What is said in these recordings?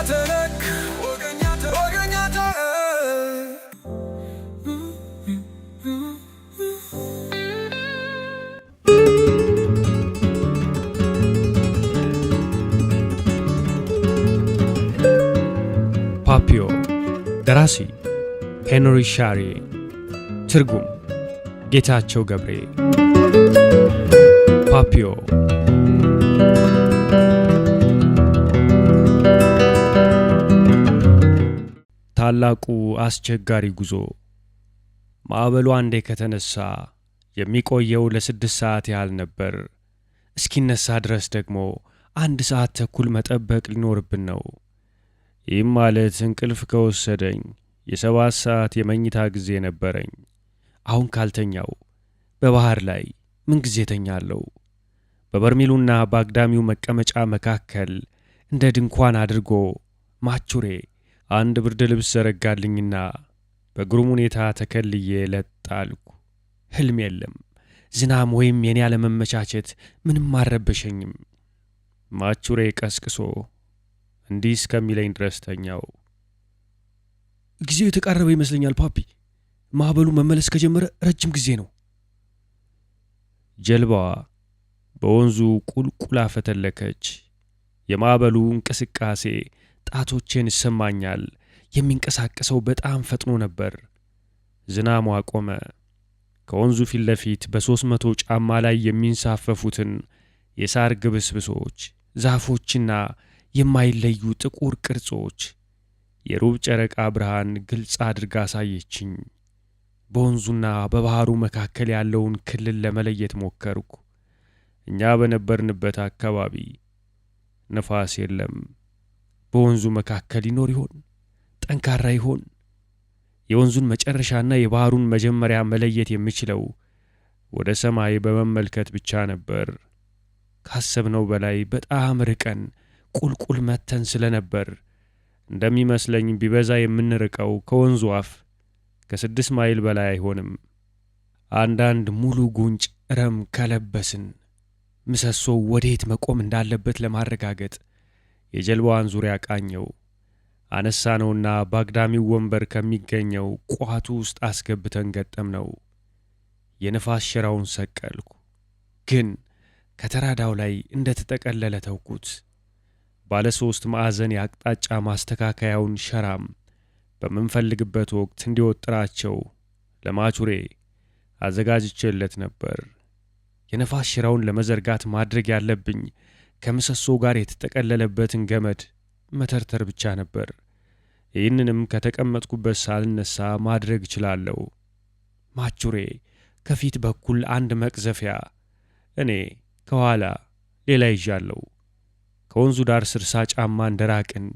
ፓፒዮ ደራሲ ሄንሪ ሻሪ ትርጉም ጌታቸው ገብሬ ፓፒዮ ታላቁ አስቸጋሪ ጉዞ ማዕበሉ አንዴ ከተነሳ የሚቆየው ለስድስት ሰዓት ያህል ነበር። እስኪነሳ ድረስ ደግሞ አንድ ሰዓት ተኩል መጠበቅ ሊኖርብን ነው። ይህም ማለት እንቅልፍ ከወሰደኝ የሰባት ሰዓት የመኝታ ጊዜ ነበረኝ። አሁን ካልተኛው በባህር ላይ ምን ጊዜ ተኛለሁ? በበርሜሉና በአግዳሚው መቀመጫ መካከል እንደ ድንኳን አድርጎ ማቹሬ አንድ ብርድ ልብስ ዘረጋልኝና በግሩም ሁኔታ ተከልዬ ለጥ አልኩ። ህልም የለም፣ ዝናብ ወይም የኔ አለመመቻቸት ምንም አረበሸኝም። ማቹሬ ቀስቅሶ እንዲህ እስከሚለኝ ድረስ ተኛው። ጊዜው የተቃረበ ይመስለኛል ፓፒ። ማዕበሉ መመለስ ከጀመረ ረጅም ጊዜ ነው። ጀልባዋ በወንዙ ቁልቁላ ፈተለከች። የማዕበሉ እንቅስቃሴ ጣቶቼን ይሰማኛል። የሚንቀሳቀሰው በጣም ፈጥኖ ነበር። ዝናሟ ቆመ። ከወንዙ ፊት ለፊት በሦስት መቶ ጫማ ላይ የሚንሳፈፉትን የሳር ግብስብሶች፣ ዛፎችና የማይለዩ ጥቁር ቅርጾች የሩብ ጨረቃ ብርሃን ግልጽ አድርጋ አሳየችኝ። በወንዙና በባሕሩ መካከል ያለውን ክልል ለመለየት ሞከርኩ። እኛ በነበርንበት አካባቢ ነፋስ የለም። በወንዙ መካከል ይኖር ይሆን? ጠንካራ ይሆን? የወንዙን መጨረሻና የባሕሩን መጀመሪያ መለየት የሚችለው ወደ ሰማይ በመመልከት ብቻ ነበር። ካሰብነው በላይ በጣም ርቀን ቁልቁል መተን ስለነበር እንደሚመስለኝ ቢበዛ የምንርቀው ከወንዙ አፍ ከስድስት ማይል በላይ አይሆንም። አንዳንድ ሙሉ ጉንጭ ረም ከለበስን ምሰሶ ወዴት መቆም እንዳለበት ለማረጋገጥ የጀልባዋን ዙሪያ ቃኘው። አነሳ ነውና በአግዳሚው ወንበር ከሚገኘው ቋቱ ውስጥ አስገብተን ገጠም ነው። የነፋስ ሽራውን ሰቀልኩ፣ ግን ከተራዳው ላይ እንደ ተጠቀለለ ተውኩት። ባለ ሦስት ማዕዘን የአቅጣጫ ማስተካከያውን ሸራም በምንፈልግበት ወቅት እንዲወጥራቸው ለማቹሬ አዘጋጅቼለት ነበር። የነፋስ ሽራውን ለመዘርጋት ማድረግ ያለብኝ ከምሰሶው ጋር የተጠቀለለበትን ገመድ መተርተር ብቻ ነበር። ይህንንም ከተቀመጥኩበት ሳልነሳ ማድረግ እችላለሁ። ማቹሬ ከፊት በኩል አንድ መቅዘፊያ፣ እኔ ከኋላ ሌላ ይዣለሁ። ከወንዙ ዳር ስርሳ ጫማ እንደራቅን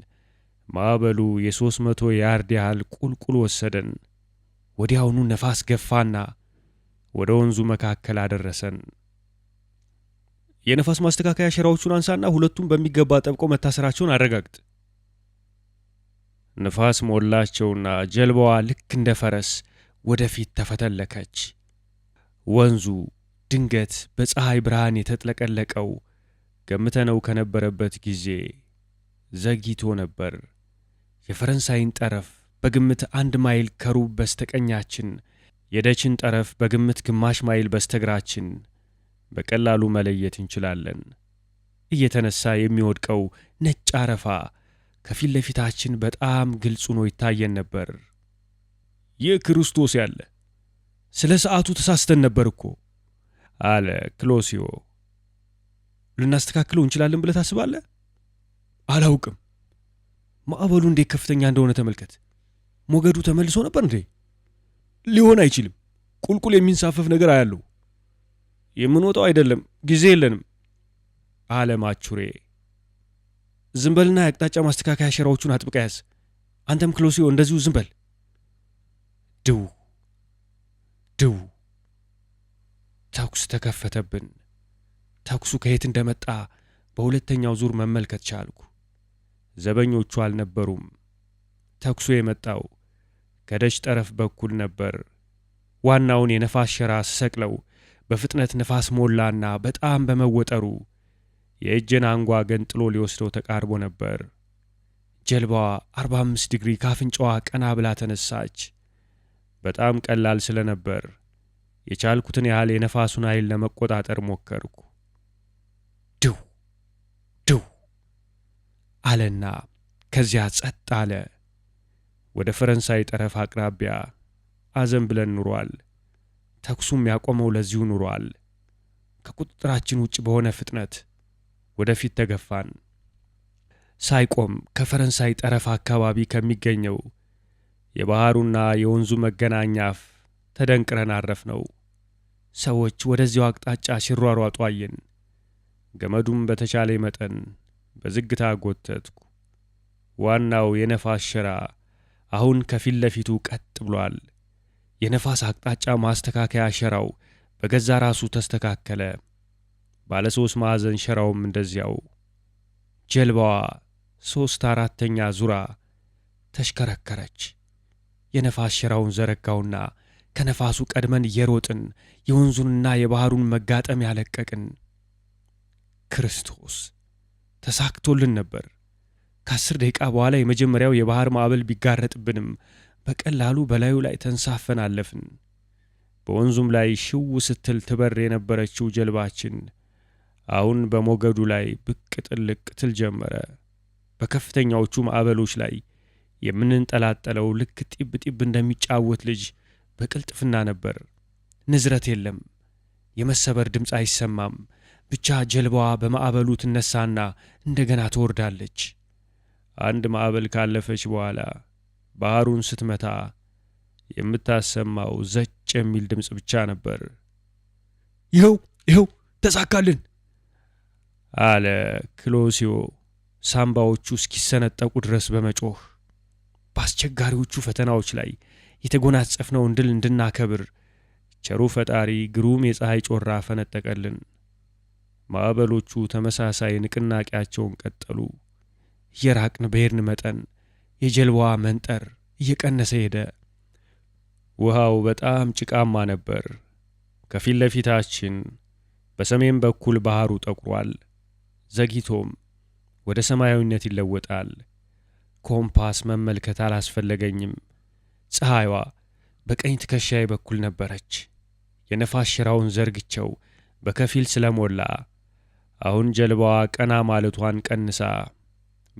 ማዕበሉ የሦስት መቶ ያርድ ያህል ቁልቁል ወሰደን። ወዲያውኑ ነፋስ ገፋና ወደ ወንዙ መካከል አደረሰን። የነፋስ ማስተካከያ ሸራዎቹን አንሳና ሁለቱም በሚገባ ጠብቆ መታሰራቸውን አረጋግጥ። ንፋስ ሞላቸውና ጀልባዋ ልክ እንደ ፈረስ ወደፊት ተፈተለከች። ወንዙ ድንገት በፀሐይ ብርሃን የተጥለቀለቀው ገምተነው ከነበረበት ጊዜ ዘግይቶ ነበር። የፈረንሳይን ጠረፍ በግምት አንድ ማይል ከሩብ በስተቀኛችን፣ የደችን ጠረፍ በግምት ግማሽ ማይል በስተግራችን በቀላሉ መለየት እንችላለን። እየተነሳ የሚወድቀው ነጭ አረፋ ከፊት ለፊታችን በጣም ግልጽ ሆኖ ይታየን ነበር። ይህ ክርስቶስ ያለ ስለ ሰዓቱ ተሳስተን ነበር እኮ አለ ክሎሲዮ። ልናስተካክለው እንችላለን ብለህ ታስባለህ? አላውቅም። ማዕበሉ እንዴት ከፍተኛ እንደሆነ ተመልከት። ሞገዱ ተመልሶ ነበር እንዴ? ሊሆን አይችልም። ቁልቁል የሚንሳፈፍ ነገር አያለው። የምንወጣው አይደለም፣ ጊዜ የለንም አለ ማቹሬ። ዝም የአቅጣጫ ማስተካከያ ሸራዎቹን አጥብቀ ያዝ። አንተም ክሎሲዮ እንደዚሁ ዝምበል። ድው ድው። ተኩስ ተከፈተብን። ተኩሱ ከየት እንደመጣ በሁለተኛው ዙር መመልከት ቻልኩ። ዘበኞቹ አልነበሩም። ተኩሱ የመጣው ከደጅ ጠረፍ በኩል ነበር። ዋናውን የነፋስ ሸራ ስሰቅለው በፍጥነት ነፋስ ሞላና በጣም በመወጠሩ የእጄን አንጓ ገንጥሎ ሊወስደው ተቃርቦ ነበር። ጀልባዋ 45 ዲግሪ ካፍንጫዋ ቀና ብላ ተነሳች። በጣም ቀላል ስለነበር የቻልኩትን ያህል የነፋሱን ኃይል ለመቆጣጠር ሞከርኩ። ድው ድው አለና ከዚያ ጸጥ አለ። ወደ ፈረንሳይ ጠረፍ አቅራቢያ አዘን ብለን ኑሯል። ተኩሱም ያቆመው ለዚሁ ኑሯል። ከቁጥጥራችን ውጭ በሆነ ፍጥነት ወደፊት ተገፋን። ሳይቆም ከፈረንሳይ ጠረፍ አካባቢ ከሚገኘው የባሕሩና የወንዙ መገናኛ አፍ ተደንቅረን አረፍ ነው። ሰዎች ወደዚያው አቅጣጫ ሲሯሯጡ አየን። ገመዱም በተቻለ መጠን በዝግታ ጎተትኩ። ዋናው የነፋስ ሽራ አሁን ከፊት ለፊቱ ቀጥ ብሏል። የነፋስ አቅጣጫ ማስተካከያ ሸራው በገዛ ራሱ ተስተካከለ። ባለ ሦስት ማዕዘን ሸራውም እንደዚያው። ጀልባዋ ሦስት አራተኛ ዙራ ተሽከረከረች። የነፋስ ሸራውን ዘረጋውና ከነፋሱ ቀድመን የሮጥን የወንዙንና የባሕሩን መጋጠም ያለቀቅን። ክርስቶስ ተሳክቶልን ነበር። ከአስር ደቂቃ በኋላ የመጀመሪያው የባሕር ማዕበል ቢጋረጥብንም በቀላሉ በላዩ ላይ ተንሳፈን አለፍን። በወንዙም ላይ ሽው ስትል ትበር የነበረችው ጀልባችን አሁን በሞገዱ ላይ ብቅ ጥልቅ ትል ጀመረ። በከፍተኛዎቹ ማዕበሎች ላይ የምንንጠላጠለው ልክ ጢብ ጢብ እንደሚጫወት ልጅ በቅልጥፍና ነበር። ንዝረት የለም፣ የመሰበር ድምፅ አይሰማም። ብቻ ጀልባዋ በማዕበሉ ትነሳና እንደገና ትወርዳለች። አንድ ማዕበል ካለፈች በኋላ ባህሩን ስትመታ የምታሰማው ዘጭ የሚል ድምፅ ብቻ ነበር። ይኸው ይኸው ተሳካልን አለ ክሎሲዮ ሳምባዎቹ እስኪሰነጠቁ ድረስ በመጮህ በአስቸጋሪዎቹ ፈተናዎች ላይ የተጎናጸፍነውን ድል እንድናከብር ቸሩ ፈጣሪ ግሩም የፀሐይ ጮራ ፈነጠቀልን። ማዕበሎቹ ተመሳሳይ ንቅናቄያቸውን ቀጠሉ። እየራቅን በሄድን መጠን የጀልባዋ መንጠር እየቀነሰ ሄደ። ውሃው በጣም ጭቃማ ነበር። ከፊት ለፊታችን በሰሜን በኩል ባህሩ ጠቁሯል። ዘግይቶም ወደ ሰማያዊነት ይለወጣል። ኮምፓስ መመልከት አላስፈለገኝም። ፀሐይዋ በቀኝ ትከሻዬ በኩል ነበረች። የነፋስ ሽራውን ዘርግቸው በከፊል ስለሞላ አሁን ጀልባዋ ቀና ማለቷን ቀንሳ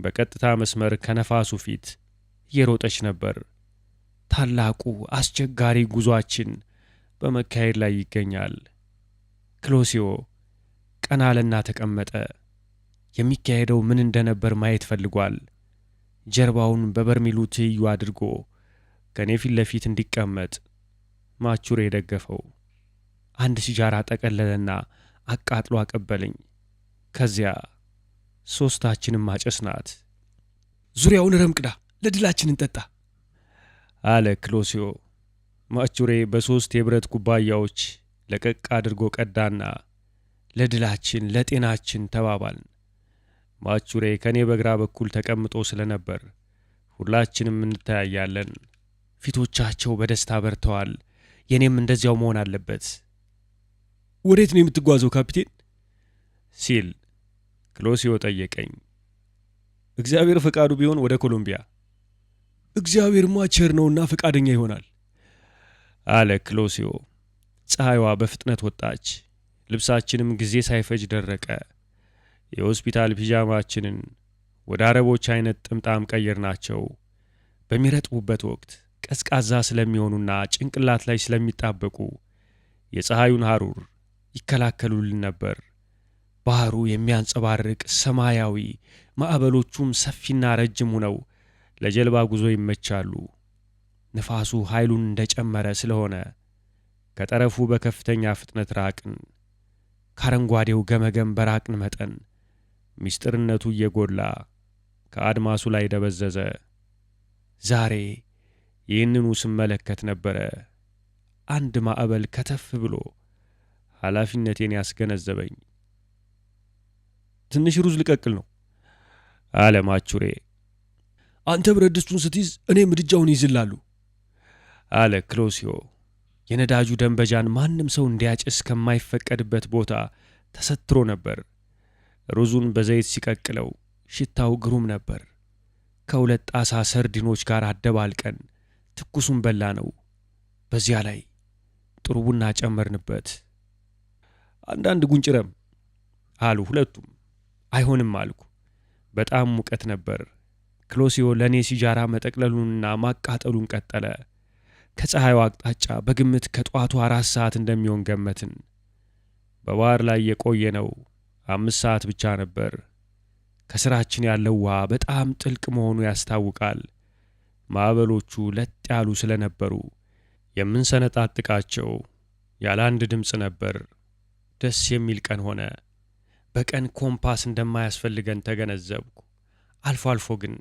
በቀጥታ መስመር ከነፋሱ ፊት እየሮጠች ነበር። ታላቁ አስቸጋሪ ጉዟችን በመካሄድ ላይ ይገኛል። ክሎሲዮ ቀና አለና ተቀመጠ። የሚካሄደው ምን እንደነበር ማየት ፈልጓል። ጀርባውን በበርሚሉ ትይዩ አድርጎ ከእኔ ፊት ለፊት እንዲቀመጥ ማቹሬ የደገፈው አንድ ሲጃራ ጠቀለለና አቃጥሎ አቀበለኝ። ከዚያ ሦስታችንም አጨስ ናት። ዙሪያውን ረምቅዳ ለድላችን እንጠጣ አለ ክሎሲዮ። ማቹሬ በሦስት የብረት ኩባያዎች ለቀቅ አድርጎ ቀዳና ለድላችን ለጤናችን ተባባልን። ማቹሬ ከእኔ በግራ በኩል ተቀምጦ ስለነበር ሁላችንም እንተያያለን። ፊቶቻቸው በደስታ በርተዋል። የእኔም እንደዚያው መሆን አለበት። ወዴት ነው የምትጓዘው ካፒቴን? ሲል ክሎሲዮ ጠየቀኝ። እግዚአብሔር ፈቃዱ ቢሆን ወደ ኮሎምቢያ። እግዚአብሔርማ ቸር ነውና ፈቃደኛ ይሆናል አለ ክሎሲዮ። ፀሐይዋ በፍጥነት ወጣች፣ ልብሳችንም ጊዜ ሳይፈጅ ደረቀ። የሆስፒታል ፒጃማችንን ወደ አረቦች አይነት ጥምጣም ቀየር ናቸው። በሚረጥቡበት ወቅት ቀዝቃዛ ስለሚሆኑና ጭንቅላት ላይ ስለሚጣበቁ የፀሐዩን ሐሩር ይከላከሉልን ነበር። ባህሩ የሚያንጸባርቅ ሰማያዊ፣ ማዕበሎቹም ሰፊና ረጅም ነው። ለጀልባ ጉዞ ይመቻሉ። ንፋሱ ኃይሉን እንደጨመረ ስለሆነ ከጠረፉ በከፍተኛ ፍጥነት ራቅን። ከአረንጓዴው ገመገም በራቅን መጠን ምስጢርነቱ እየጎላ ከአድማሱ ላይ ደበዘዘ። ዛሬ ይህንኑ ስመለከት ነበረ አንድ ማዕበል ከተፍ ብሎ ኃላፊነቴን ያስገነዘበኝ። ትንሽ ሩዝ ልቀቅል ነው አለ ማቹሬ። አንተ ብረት ድስቱን ስትይዝ እኔ ምድጃውን ይዝላሉ አለ ክሎሲዮ። የነዳጁ ደንበጃን ማንም ሰው እንዲያጭስ ከማይፈቀድበት ቦታ ተሰትሮ ነበር። ሩዙን በዘይት ሲቀቅለው ሽታው ግሩም ነበር። ከሁለት ጣሳ ሰርዲኖች ጋር አደባልቀን ትኩሱን በላ ነው። በዚያ ላይ ጥሩ ቡና ጨመርንበት። አንዳንድ ጉንጭረም አሉ ሁለቱም። አይሆንም አልኩ። በጣም ሙቀት ነበር። ክሎሲዮ ለእኔ ሲጃራ መጠቅለሉንና ማቃጠሉን ቀጠለ። ከፀሐዩ አቅጣጫ በግምት ከጠዋቱ አራት ሰዓት እንደሚሆን ገመትን። በባህር ላይ የቆየ ነው አምስት ሰዓት ብቻ ነበር። ከስራችን ያለው ውሃ በጣም ጥልቅ መሆኑ ያስታውቃል። ማዕበሎቹ ለጥ ያሉ ስለነበሩ የምንሰነጣጥቃቸው ያለ አንድ ድምፅ ነበር። ደስ የሚል ቀን ሆነ። በቀን ኮምፓስ እንደማያስፈልገን ተገነዘብኩ። አልፎ አልፎ ግን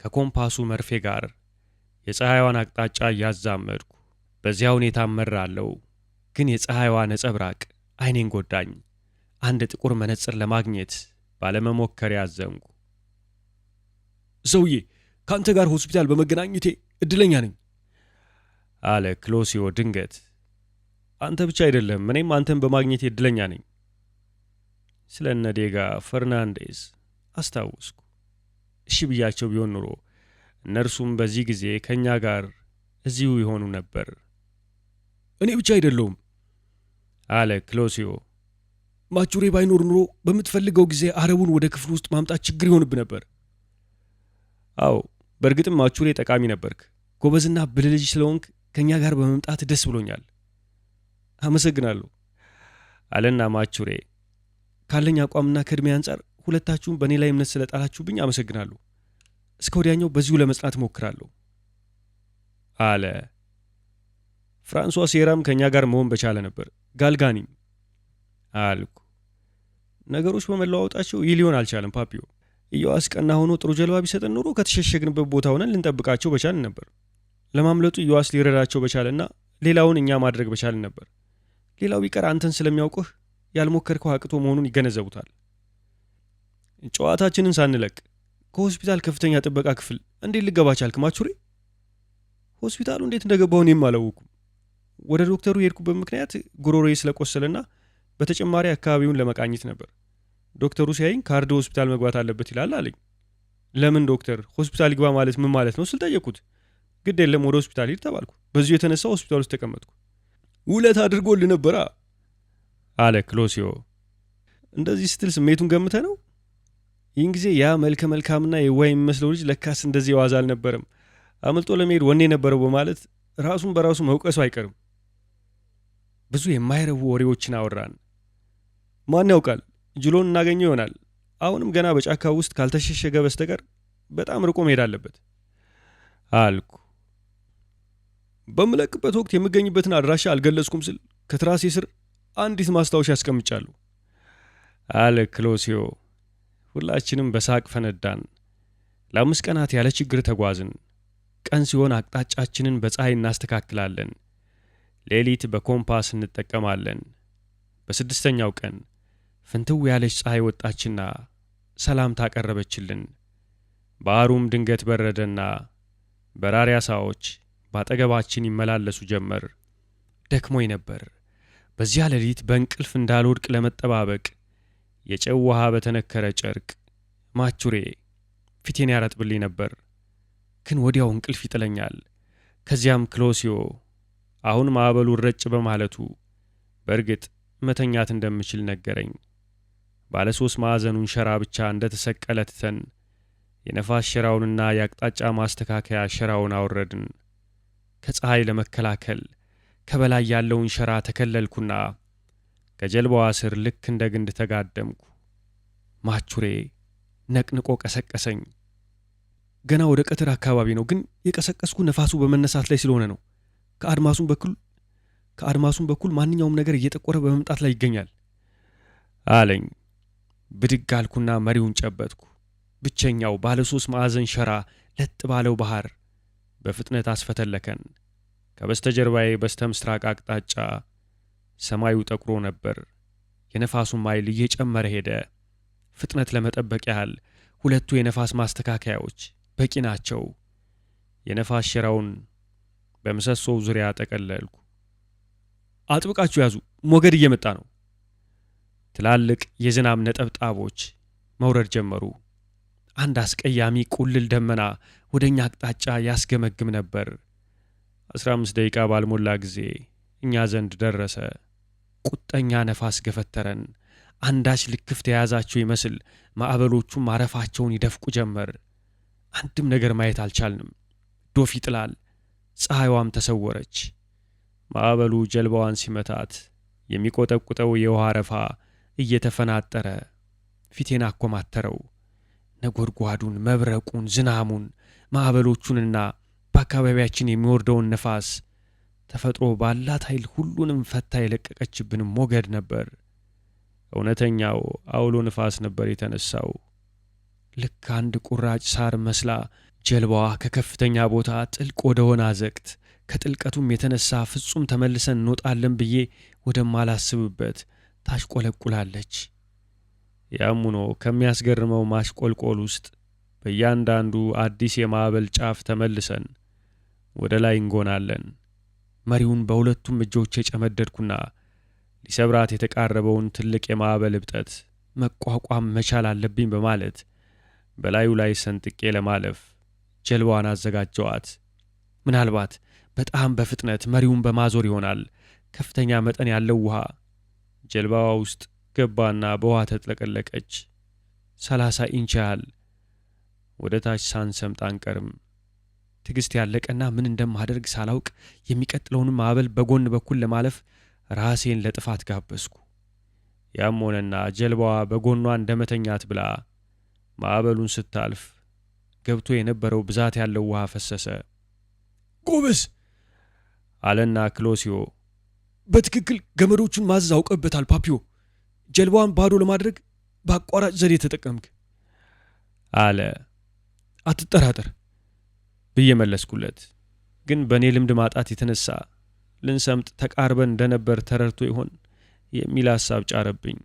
ከኮምፓሱ መርፌ ጋር የፀሐይዋን አቅጣጫ እያዛመድኩ በዚያ ሁኔታ እመራለሁ። ግን የፀሐይዋ ነጸብራቅ አይኔን ጎዳኝ። አንድ ጥቁር መነጽር ለማግኘት ባለመሞከር ያዘንኩ። ሰውዬ ከአንተ ጋር ሆስፒታል በመገናኘቴ እድለኛ ነኝ አለ ክሎሲዮ ድንገት። አንተ ብቻ አይደለም እኔም አንተን በማግኘቴ እድለኛ ነኝ ስለ እነዴጋ ፈርናንዴዝ አስታውስኩ። እሺ ብያቸው ቢሆን ኑሮ እነርሱም በዚህ ጊዜ ከእኛ ጋር እዚሁ የሆኑ ነበር። እኔ ብቻ አይደለሁም አለ ክሎሲዮ። ማቹሬ ባይኖር ኑሮ በምትፈልገው ጊዜ አረቡን ወደ ክፍል ውስጥ ማምጣት ችግር ይሆንብ ነበር። አዎ በእርግጥም ማቹሬ ጠቃሚ ነበርክ። ጎበዝና ብልህ ልጅ ስለሆንክ ከእኛ ጋር በመምጣት ደስ ብሎኛል። አመሰግናለሁ አለና ማቹሬ ካለኝ አቋምና ከእድሜ አንጻር ሁለታችሁም በእኔ ላይ እምነት ስለጣላችሁብኝ አመሰግናለሁ። እስከ ወዲያኛው በዚሁ ለመጽናት እሞክራለሁ አለ። ፍራንሷ ሴራም ከእኛ ጋር መሆን በቻለ ነበር። ጋልጋኒም አልኩ። ነገሮች በመለዋወጣቸው ይህ ሊሆን አልቻለም። ፓፒዮ እየዋስ ቀና ሆኖ ጥሩ ጀልባ ቢሰጠን ኑሮ ከተሸሸግንበት ቦታ ሆነን ልንጠብቃቸው በቻልን ነበር። ለማምለጡ እየዋስ ሊረዳቸው በቻለና ሌላውን እኛ ማድረግ በቻልን ነበር። ሌላው ቢቀር አንተን ስለሚያውቁህ ያልሞከርከው አቅቶ መሆኑን ይገነዘቡታል። ጨዋታችንን ሳንለቅ ከሆስፒታል ከፍተኛ ጥበቃ ክፍል እንዴት ልገባ ቻልክ ማቹሪ? ሆስፒታሉ እንዴት እንደገባሁ እኔም አላወኩም። ወደ ዶክተሩ የሄድኩበት ምክንያት ጉሮሮዬ ስለቆሰለና በተጨማሪ አካባቢውን ለመቃኘት ነበር። ዶክተሩ ሲያይኝ ካርዶ ሆስፒታል መግባት አለበት ይላል አለኝ። ለምን ዶክተር ሆስፒታል ይግባ ማለት ምን ማለት ነው ስል ጠየቅኩት። ግድ የለም ወደ ሆስፒታል ሂድ ተባልኩ። በዚሁ የተነሳ ሆስፒታል ውስጥ ተቀመጥኩ። ውለት አድርጎልህ ነበራ አለ ክሎሲዮ። እንደዚህ ስትል ስሜቱን ገምተ ነው። ይህን ጊዜ ያ መልከ መልካምና የዋ የሚመስለው ልጅ ለካስ እንደዚህ የዋዛ አልነበረም፣ አምልጦ ለመሄድ ወኔ ነበረው በማለት ራሱን በራሱ መውቀሱ አይቀርም። ብዙ የማይረቡ ወሬዎችን አወራን። ማን ያውቃል ጅሎን እናገኘው ይሆናል። አሁንም ገና በጫካ ውስጥ ካልተሸሸገ በስተቀር በጣም ርቆ መሄድ አለበት አልኩ። በምለቅበት ወቅት የምገኝበትን አድራሻ አልገለጽኩም ስል ከትራሴ ስር አንዲት ማስታወሻ ያስቀምጫሉ አለ ክሎሲዮ። ሁላችንም በሳቅ ፈነዳን። ለአምስት ቀናት ያለ ችግር ተጓዝን። ቀን ሲሆን አቅጣጫችንን በፀሐይ እናስተካክላለን። ሌሊት በኮምፓስ እንጠቀማለን። በስድስተኛው ቀን ፍንትው ያለች ፀሐይ ወጣችና ሰላምታ ቀረበችልን። ባህሩም ድንገት በረደና በራሪ ሳዎች በአጠገባችን ይመላለሱ ጀመር። ደክሞኝ ነበር። በዚያ ሌሊት በእንቅልፍ እንዳልወድቅ ለመጠባበቅ የጨው ውሃ በተነከረ ጨርቅ ማቹሬ ፊቴን ያረጥብልኝ ነበር፣ ግን ወዲያው እንቅልፍ ይጥለኛል። ከዚያም ክሎሲዮ አሁን ማዕበሉ ረጭ በማለቱ በእርግጥ መተኛት እንደምችል ነገረኝ። ባለ ሦስት ማዕዘኑን ሸራ ብቻ እንደ ተሰቀለ ትተን የነፋስ ሸራውንና የአቅጣጫ ማስተካከያ ሸራውን አወረድን። ከፀሐይ ለመከላከል ከበላይ ያለውን ሸራ ተከለልኩና ከጀልባዋ ስር ልክ እንደ ግንድ ተጋደምኩ። ማቹሬ ነቅንቆ ቀሰቀሰኝ። ገና ወደ ቀትር አካባቢ ነው፣ ግን የቀሰቀስኩ ነፋሱ በመነሳት ላይ ስለሆነ ነው። ከአድማሱም በኩል ከአድማሱም በኩል ማንኛውም ነገር እየጠቆረ በመምጣት ላይ ይገኛል አለኝ። ብድግ አልኩና መሪውን ጨበጥኩ። ብቸኛው ባለ ሶስት ማዕዘን ሸራ ለጥ ባለው ባህር በፍጥነት አስፈተለከን። ከበስተጀርባዬ በስተ ምስራቅ አቅጣጫ ሰማዩ ጠቁሮ ነበር። የነፋሱም ኃይል እየጨመረ ሄደ። ፍጥነት ለመጠበቅ ያህል ሁለቱ የነፋስ ማስተካከያዎች በቂ ናቸው። የነፋስ ሸራውን በምሰሶው ዙሪያ ጠቀለልኩ። አጥብቃችሁ ያዙ፣ ሞገድ እየመጣ ነው። ትላልቅ የዝናብ ነጠብጣቦች መውረድ ጀመሩ። አንድ አስቀያሚ ቁልል ደመና ወደ እኛ አቅጣጫ ያስገመግም ነበር። አስራ አምስት ደቂቃ ባልሞላ ጊዜ እኛ ዘንድ ደረሰ። ቁጠኛ ነፋስ ገፈተረን። አንዳች ልክፍት የያዛቸው ይመስል ማዕበሎቹም ማረፋቸውን ይደፍቁ ጀመር። አንድም ነገር ማየት አልቻልንም። ዶፍ ይጥላል። ፀሐይዋም ተሰወረች። ማዕበሉ ጀልባዋን ሲመታት የሚቆጠቁጠው የውሃ አረፋ እየተፈናጠረ ፊቴን አኮማተረው። ነጎድጓዱን፣ መብረቁን፣ ዝናሙን፣ ማዕበሎቹንና በአካባቢያችን የሚወርደውን ነፋስ፣ ተፈጥሮ ባላት ኃይል ሁሉንም ፈታ የለቀቀችብን ሞገድ ነበር። እውነተኛው አውሎ ነፋስ ነበር የተነሳው። ልክ አንድ ቁራጭ ሳር መስላ ጀልባዋ ከከፍተኛ ቦታ ጥልቅ ወደሆነ አዘቅት ከጥልቀቱም የተነሳ ፍጹም ተመልሰን እንወጣለን ብዬ ወደማላስብበት ታሽቆለቁላለች። ያም ሆኖ ከሚያስገርመው ማሽቆልቆል ውስጥ በእያንዳንዱ አዲስ የማዕበል ጫፍ ተመልሰን ወደ ላይ እንጎናለን። መሪውን በሁለቱም እጆች ጨመደድኩና ሊሰብራት የተቃረበውን ትልቅ የማዕበል እብጠት መቋቋም መቻል አለብኝ በማለት በላዩ ላይ ሰንጥቄ ለማለፍ ጀልባዋን አዘጋጀዋት። ምናልባት በጣም በፍጥነት መሪውን በማዞር ይሆናል ከፍተኛ መጠን ያለው ውሃ ጀልባዋ ውስጥ ገባና በውሃ ተጥለቀለቀች። ሰላሳ ኢንች ያህል ወደ ታች ሳንሰምጥ አንቀርም። ትዕግስት ያለቀና ምን እንደማደርግ ሳላውቅ የሚቀጥለውንም ማዕበል በጎን በኩል ለማለፍ ራሴን ለጥፋት ጋበዝኩ። ያም ሆነና ጀልባዋ በጎኗ እንደመተኛት ብላ ማዕበሉን ስታልፍ ገብቶ የነበረው ብዛት ያለው ውሃ ፈሰሰ። ጎበዝ አለና ክሎሲዮ በትክክል ገመዶቹን ማዘዝ አውቀበታል። ፓፒዮ ጀልባዋን ባዶ ለማድረግ በአቋራጭ ዘዴ ተጠቀምክ አለ። አትጠራጠር ብዬ መለስኩለት። ግን በእኔ ልምድ ማጣት የተነሳ ልንሰምጥ ተቃርበን እንደነበር ተረድቶ ይሆን የሚል ሐሳብ ጫረብኝ።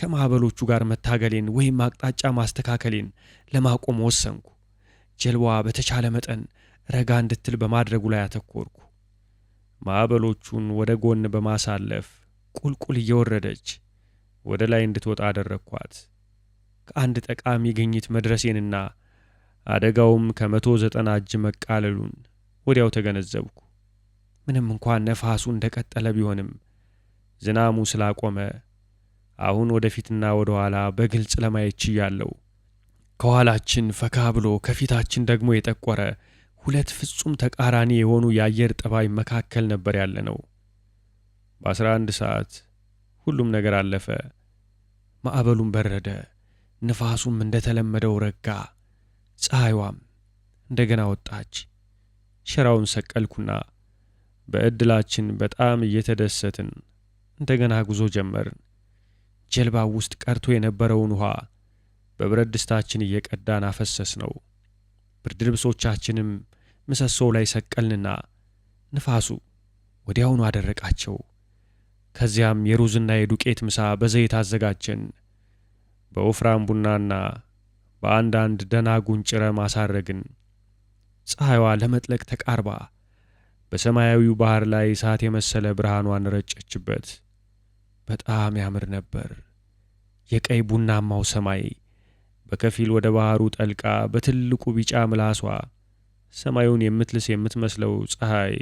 ከማዕበሎቹ ጋር መታገሌን ወይም አቅጣጫ ማስተካከሌን ለማቆም ወሰንኩ። ጀልባዋ በተቻለ መጠን ረጋ እንድትል በማድረጉ ላይ አተኮርኩ። ማዕበሎቹን ወደ ጎን በማሳለፍ ቁልቁል እየወረደች ወደ ላይ እንድትወጣ አደረግኳት። ከአንድ ጠቃሚ ግኝት መድረሴንና አደጋውም ከመቶ ዘጠና እጅ መቃለሉን ወዲያው ተገነዘብኩ። ምንም እንኳን ነፋሱ እንደቀጠለ ቢሆንም ዝናሙ ስላቆመ አሁን ወደፊትና ወደ ኋላ በግልጽ ለማየት ችያለሁ። ከኋላችን ፈካ ብሎ ከፊታችን ደግሞ የጠቆረ ሁለት ፍጹም ተቃራኒ የሆኑ የአየር ጠባይ መካከል ነበር ያለ ነው። በአስራ አንድ ሰዓት ሁሉም ነገር አለፈ። ማዕበሉም በረደ፣ ንፋሱም እንደተለመደው ረጋ። ፀሐይዋም እንደገና ወጣች። ሸራውን ሰቀልኩና በዕድላችን በጣም እየተደሰትን እንደገና ጉዞ ጀመርን። ጀልባ ውስጥ ቀርቶ የነበረውን ውኃ በብረት ድስታችን እየቀዳን አፈሰስ ነው። ብርድ ልብሶቻችንም ምሰሶው ላይ ሰቀልንና ንፋሱ ወዲያውኑ አደረቃቸው። ከዚያም የሩዝና የዱቄት ምሳ በዘይት አዘጋጀን። በወፍራም ቡናና በአንዳንድ ደናጉን ጭረ ማሳረግን። ፀሐይዋ ለመጥለቅ ተቃርባ በሰማያዊው ባህር ላይ እሳት የመሰለ ብርሃኗን ረጨችበት። በጣም ያምር ነበር። የቀይ ቡናማው ሰማይ በከፊል ወደ ባህሩ ጠልቃ በትልቁ ቢጫ ምላሷ ሰማዩን የምትልስ የምትመስለው ፀሐይ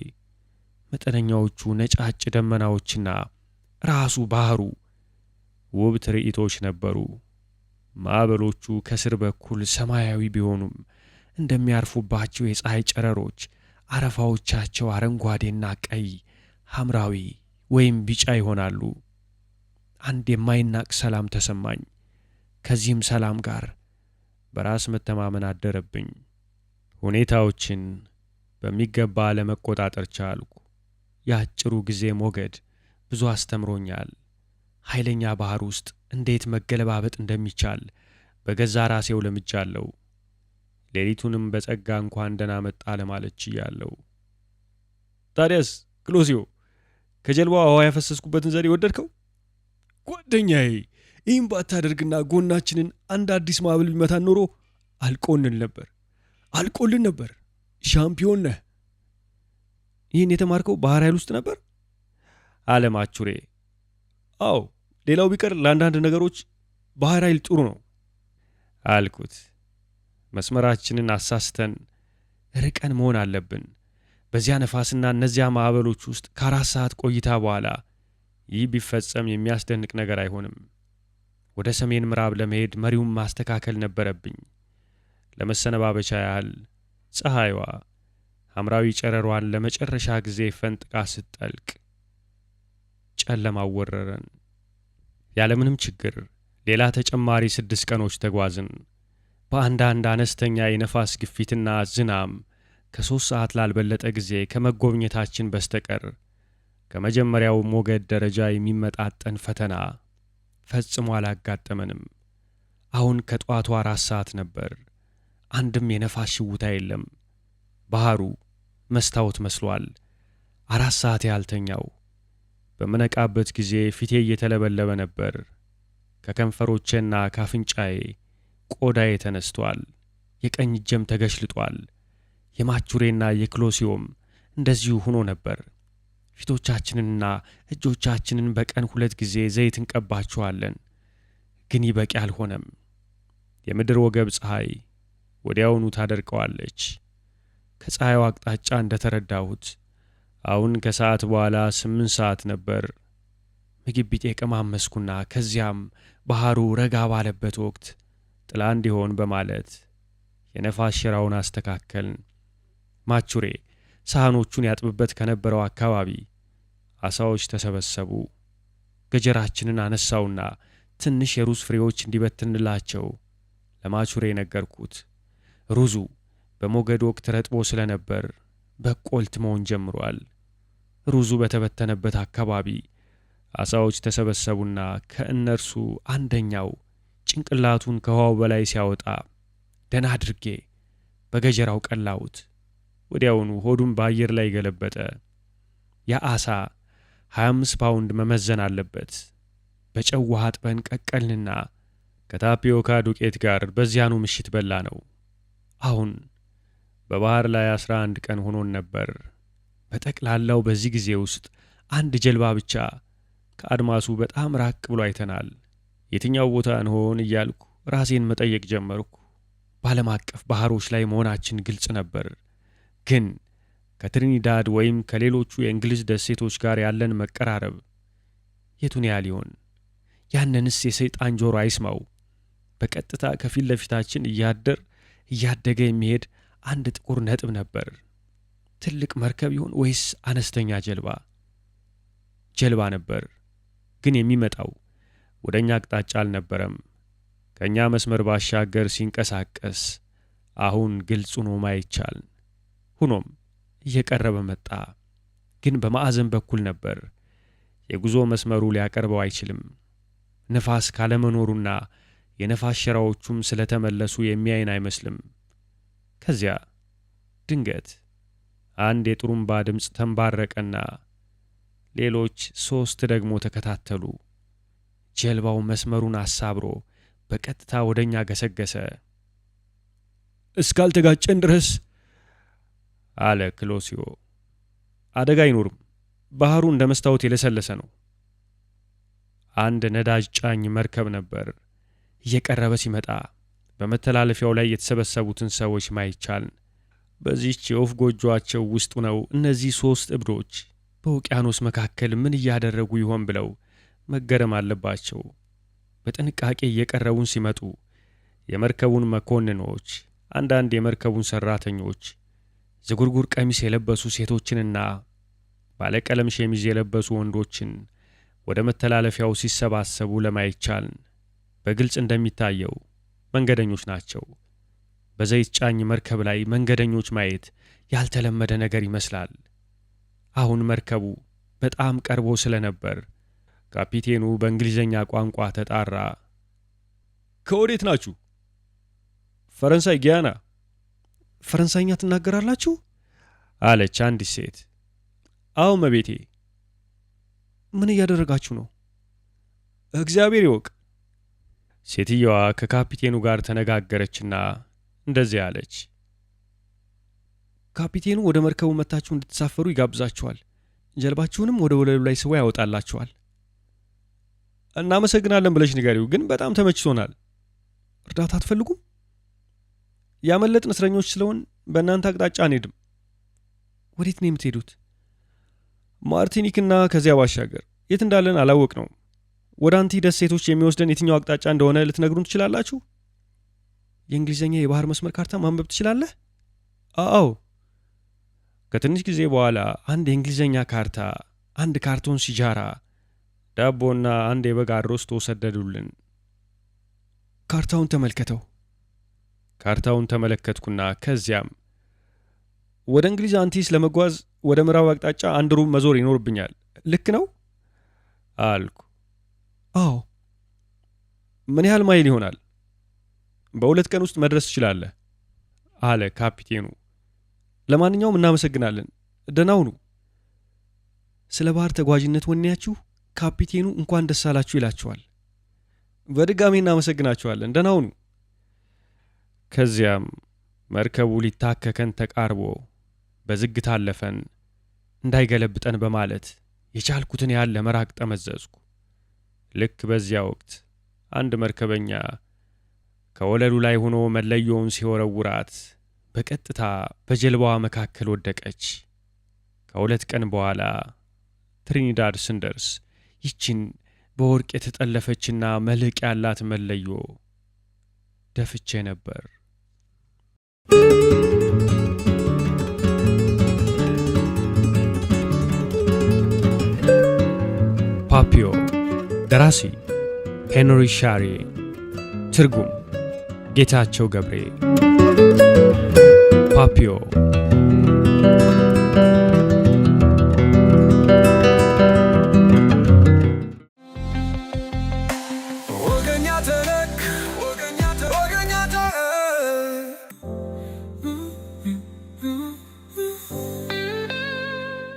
መጠነኛዎቹ ነጫጭ ደመናዎችና ራሱ ባህሩ ውብ ትርኢቶች ነበሩ። ማዕበሎቹ ከስር በኩል ሰማያዊ ቢሆኑም እንደሚያርፉባቸው የፀሐይ ጨረሮች አረፋዎቻቸው አረንጓዴና ቀይ፣ ሐምራዊ ወይም ቢጫ ይሆናሉ። አንድ የማይናቅ ሰላም ተሰማኝ። ከዚህም ሰላም ጋር በራስ መተማመን አደረብኝ። ሁኔታዎችን በሚገባ ለመቆጣጠር ቻልኩ። የአጭሩ ጊዜ ሞገድ ብዙ አስተምሮኛል። ኃይለኛ ባህር ውስጥ እንዴት መገለባበጥ እንደሚቻል በገዛ ራሴው ለምጃለሁ። ሌሊቱንም በጸጋ እንኳን ደህና መጣ ለማለች ችያለሁ። ታዲያስ ክሎሲዮ ከጀልባዋ ውሃ ያፈሰስኩበትን ዘዴ ወደድከው? ጓደኛዬ ይህም ባታደርግና ጎናችንን አንድ አዲስ ማዕበል ቢመታን ኖሮ አልቆንል ነበር አልቆልን ነበር። ሻምፒዮን ነህ። ይህን የተማርከው ባህር ኃይል ውስጥ ነበር አለ ማቹሬ። አዎ ሌላው ቢቀር ለአንዳንድ ነገሮች ባህር ኃይል ጥሩ ነው አልኩት። መስመራችንን አሳስተን ርቀን መሆን አለብን። በዚያ ነፋስና እነዚያ ማዕበሎች ውስጥ ከአራት ሰዓት ቆይታ በኋላ ይህ ቢፈጸም የሚያስደንቅ ነገር አይሆንም። ወደ ሰሜን ምዕራብ ለመሄድ መሪውን ማስተካከል ነበረብኝ። ለመሰነባበቻ ያህል ፀሐይዋ ሐምራዊ ጨረሯን ለመጨረሻ ጊዜ ፈንጥቃ ስትጠልቅ ጨለማ ወረረን። ያለምንም ችግር ሌላ ተጨማሪ ስድስት ቀኖች ተጓዝን። በአንዳንድ አነስተኛ የነፋስ ግፊትና ዝናም ከሦስት ሰዓት ላልበለጠ ጊዜ ከመጎብኘታችን በስተቀር ከመጀመሪያው ሞገድ ደረጃ የሚመጣጠን ፈተና ፈጽሞ አላጋጠመንም። አሁን ከጠዋቱ አራት ሰዓት ነበር። አንድም የነፋስ ሽውታ የለም። ባህሩ መስታወት መስሏል። አራት ሰዓት ያልተኛው በምነቃበት ጊዜ ፊቴ እየተለበለበ ነበር። ከከንፈሮቼና ካፍንጫዬ ቆዳዬ ተነስቷል። የቀኝ እጄም ተገሽልጧል። የማቹሬና የክሎሲዮም እንደዚሁ ሆኖ ነበር። ፊቶቻችንንና እጆቻችንን በቀን ሁለት ጊዜ ዘይት እንቀባቸዋለን፣ ግን ይበቂ አልሆነም። የምድር ወገብ ፀሐይ ወዲያውኑ ታደርቀዋለች። ከፀሐዩ አቅጣጫ ተረዳሁት አሁን ከሰዓት በኋላ ስምንት ሰዓት ነበር። ምግብ ቢጤ ቀማመስኩና ከዚያም ባህሩ ረጋ ባለበት ወቅት ጥላ እንዲሆን በማለት የነፋስ ሸራውን አስተካከልን። ማቹሬ ሳህኖቹን ያጥብበት ከነበረው አካባቢ አሳዎች ተሰበሰቡ። ገጀራችንን አነሳውና ትንሽ የሩዝ ፍሬዎች እንዲበትንላቸው ለማቹሬ ነገርኩት። ሩዙ በሞገድ ወቅት ረጥቦ ስለነበር በቆልት መሆን ጀምሯል። ሩዙ በተበተነበት አካባቢ አሳዎች ተሰበሰቡና ከእነርሱ አንደኛው ጭንቅላቱን ከውሃው በላይ ሲያወጣ ደና አድርጌ በገጀራው ቀላውት ወዲያውኑ ሆዱን በአየር ላይ ገለበጠ። ያ አሳ 25 ፓውንድ መመዘን አለበት። በጨው ውሃ አጥበን ቀቀልንና ከታፒዮካ ዱቄት ጋር በዚያኑ ምሽት በላ ነው። አሁን በባህር ላይ 11 ቀን ሆኖን ነበር። በጠቅላላው በዚህ ጊዜ ውስጥ አንድ ጀልባ ብቻ ከአድማሱ በጣም ራቅ ብሎ አይተናል። የትኛው ቦታ እንሆን እያልኩ ራሴን መጠየቅ ጀመርኩ። በዓለም አቀፍ ባህሮች ላይ መሆናችን ግልጽ ነበር፣ ግን ከትሪኒዳድ ወይም ከሌሎቹ የእንግሊዝ ደሴቶች ጋር ያለን መቀራረብ የቱን ያህል ይሆን? ያንንስ የሰይጣን ጆሮ አይስማው። በቀጥታ ከፊት ለፊታችን እያደር እያደገ የሚሄድ አንድ ጥቁር ነጥብ ነበር። ትልቅ መርከብ ይሆን ወይስ አነስተኛ ጀልባ? ጀልባ ነበር፣ ግን የሚመጣው ወደ እኛ አቅጣጫ አልነበረም። ከእኛ መስመር ባሻገር ሲንቀሳቀስ አሁን ግልጽ ሆኖ ማየት ቻልን። ሆኖም እየቀረበ መጣ፣ ግን በማዕዘን በኩል ነበር። የጉዞ መስመሩ ሊያቀርበው አይችልም። ነፋስ ካለመኖሩና የነፋስ ሸራዎቹም ስለተመለሱ የሚያይን አይመስልም። ከዚያ ድንገት አንድ የጥሩምባ ድምፅ ተንባረቀና ሌሎች ሦስት ደግሞ ተከታተሉ። ጀልባው መስመሩን አሳብሮ በቀጥታ ወደ እኛ ገሰገሰ። እስካልተጋጨን ድረስ አለ ክሎሲዮ፣ አደጋ አይኖርም። ባህሩ እንደ መስታወት የለሰለሰ ነው። አንድ ነዳጅ ጫኝ መርከብ ነበር። እየቀረበ ሲመጣ በመተላለፊያው ላይ የተሰበሰቡትን ሰዎች ማይቻልን በዚህች የወፍ ጎጆአቸው ውስጥ ነው እነዚህ ሦስት እብዶች በውቅያኖስ መካከል ምን እያደረጉ ይሆን ብለው መገረም አለባቸው። በጥንቃቄ እየቀረቡን ሲመጡ የመርከቡን መኮንኖች፣ አንዳንድ የመርከቡን ሠራተኞች፣ ዝጉርጉር ቀሚስ የለበሱ ሴቶችንና ባለቀለም ሸሚዝ የለበሱ ወንዶችን ወደ መተላለፊያው ሲሰባሰቡ ለማየት በግልጽ እንደሚታየው መንገደኞች ናቸው። በዘይት ጫኝ መርከብ ላይ መንገደኞች ማየት ያልተለመደ ነገር ይመስላል። አሁን መርከቡ በጣም ቀርቦ ስለነበር ካፒቴኑ በእንግሊዝኛ ቋንቋ ተጣራ። ከወዴት ናችሁ? ፈረንሳይ ጊያና። ፈረንሳይኛ ትናገራላችሁ? አለች አንዲት ሴት። አዎ መቤቴ። ምን እያደረጋችሁ ነው? እግዚአብሔር ይወቅ። ሴትየዋ ከካፒቴኑ ጋር ተነጋገረችና እንደዚህ አለች። ካፒቴኑ ወደ መርከቡ መታችሁ እንድትሳፈሩ ይጋብዛችኋል። ጀልባችሁንም ወደ ወለሉ ላይ ስቦ ያወጣላችኋል። እናመሰግናለን ብለሽ ንገሪው፣ ግን በጣም ተመችቶናል። እርዳታ አትፈልጉም? ያመለጥን እስረኞች ስለሆን በእናንተ አቅጣጫ አንሄድም። ወዴት ነው የምትሄዱት? ማርቲኒክና ከዚያ ባሻገር የት እንዳለን አላወቅ ነው። ወደ አንቲ ደሴቶች የሚወስደን የትኛው አቅጣጫ እንደሆነ ልትነግሩን ትችላላችሁ? የእንግሊዝኛ የባህር መስመር ካርታ ማንበብ ትችላለህ? አዎ። ከትንሽ ጊዜ በኋላ አንድ የእንግሊዝኛ ካርታ፣ አንድ ካርቶን ሲጃራ፣ ዳቦና አንድ የበግ አሮስቶ ሰደዱልን። ካርታውን ተመልከተው። ካርታውን ተመለከትኩና ከዚያም ወደ እንግሊዝ አንቲስ ለመጓዝ ወደ ምዕራብ አቅጣጫ አንድ ሩብ መዞር ይኖርብኛል፣ ልክ ነው አልኩ። አዎ። ምን ያህል ማይል ይሆናል? በሁለት ቀን ውስጥ መድረስ ትችላለህ አለ ካፒቴኑ። ለማንኛውም እናመሰግናለን፣ ደህና ሁኑ። ስለ ባህር ተጓዥነት ወኔያችሁ ካፒቴኑ እንኳን ደስ አላችሁ ይላችኋል። በድጋሜ እናመሰግናችኋለን፣ ደህና ሁኑ። ከዚያም መርከቡ ሊታከከን ተቃርቦ በዝግታ አለፈን። እንዳይገለብጠን በማለት የቻልኩትን ያለ መራቅ ጠመዘዝኩ። ልክ በዚያ ወቅት አንድ መርከበኛ ከወለሉ ላይ ሆኖ መለዮውን ሲወረውራት በቀጥታ በጀልባዋ መካከል ወደቀች። ከሁለት ቀን በኋላ ትሪኒዳድ ስንደርስ ይችን በወርቅ የተጠለፈችና መልቅ ያላት መለዮ ደፍቼ ነበር። ፓፒዮ ደራሲ ሄንሪ ሻሪ ትርጉም ጌታቸው ገብሬ ፓፒዮ